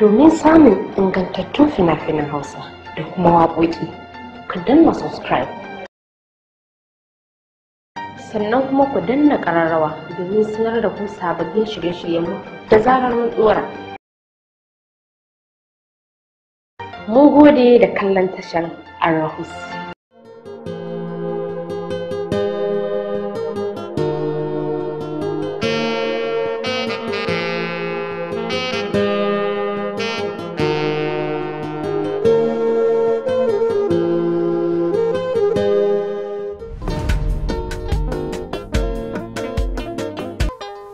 domin samun ingantattun fina-finan hausa da kuma waƙoƙi ku danna subscribe sannan kuma ku danna ƙararrawa domin sanar da ku sababbin shirye-shiryen mu da zarar mun tsora mun gode da kallon tashar arahus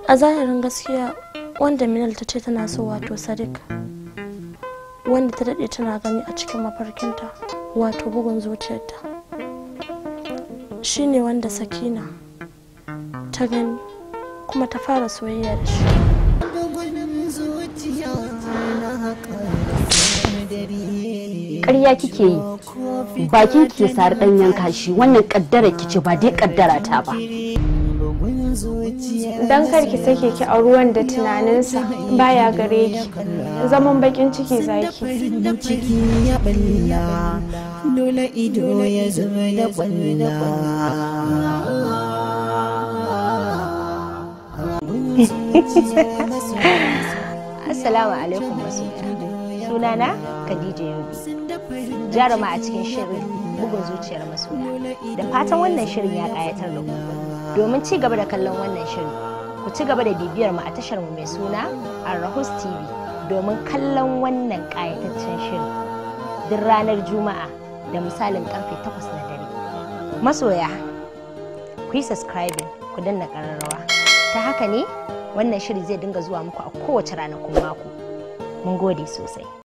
a zahirin gaskiya wanda minal ta ce tana so wato sadiq wanda ta daɗe tana gani a cikin mafarkinta wato bugun zuciyarta shine wanda sakina ta gani kuma ta fara soyayya da shi ƙarya kike yi bakin ki sari ɗanyen kashi wannan ƙaddara kice ba dai ƙaddara ta ba don kar ki sake ki a ruwan da tunaninsa baya gare ki zaman bakin ciki zaki dole ido ya zama da Assalamu alaikum masoya. sunana Khadija Yobi. Jaruma a cikin shirin bugun zuciyar masoya. Da fatan wannan shirin ya kayatar da ku. Domin ci gaba da kallon wannan shirin, ku ci gaba da bibiyar mu a tashar mu mai suna Arrahus TV domin kallon wannan kayataccen shirin. Duk ranar Juma'a da misalin karfe 8 na dare. Masoya, ku yi ku danna kararrawa. Ta haka ne wannan shirin zai dinga zuwa muku a kowace ranakun mako. Mun gode sosai.